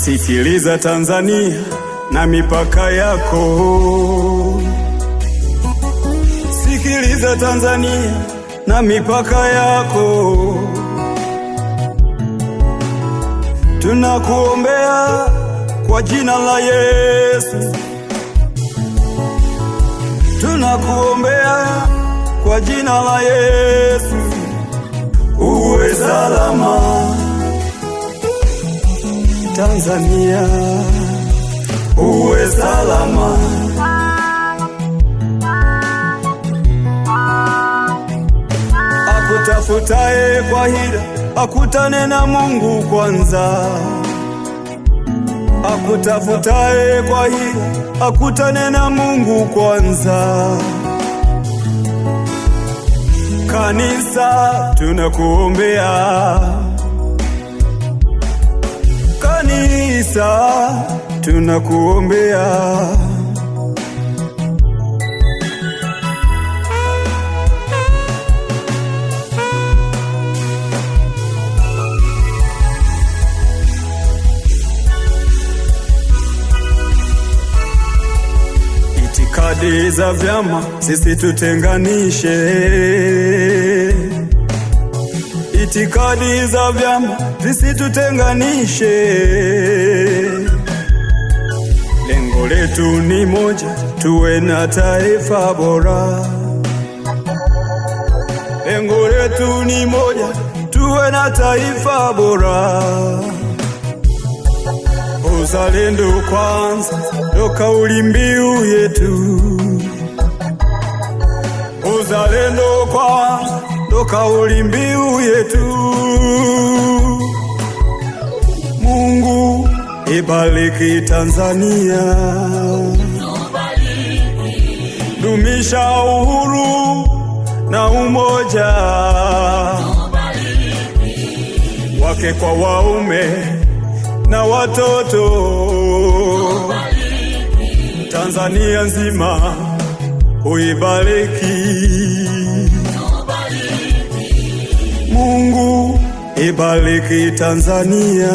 Sikiliza Tanzania na mipaka yako, sikiliza Tanzania na mipaka yako, tunakuombea kwa jina la Yesu, tunakuombea kwa jina la Yesu. Tanzania uwe salama. Akutafutaye kwa hila akutane na Mungu kwanza. Akutafutaye kwa hila akutane na Mungu kwanza. Kanisa tunakuombea kanisa tunakuombea. Itikadi za vyama sisi tutenganishe Itikadi za vyama visitutenganishe, lengo letu ni moja, tuwe na taifa bora. Lengo letu ni moja, tuwe na taifa bora. Uzalendo kwanza ndo kauli mbiu yetu. Uzalendo kwanza kauli mbiu yetu. Mungu ibariki Tanzania, dumisha uhuru na umoja wake kwa waume na watoto, Tanzania nzima uibariki. Mungu ibariki Tanzania,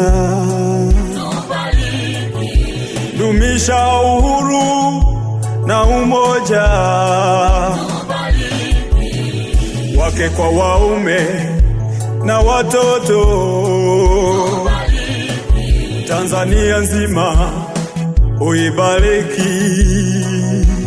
dumisha uhuru na umoja wake kwa waume na watoto, Tanzania nzima uibariki.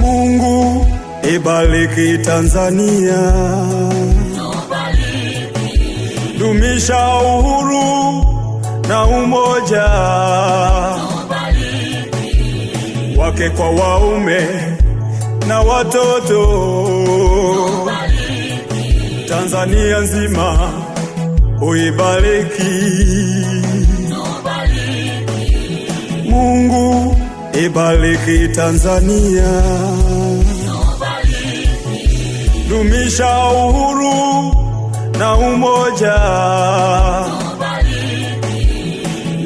Mungu ibariki Tanzania, dumisha uhuru na umoja wake kwa waume na watoto. Tanzania nzima uibariki, Mungu ibariki Tanzania, dumisha uhuru na umoja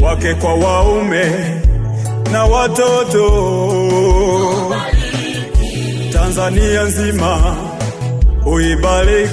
wake kwa waume na watoto Tanzania nzima oyebaleki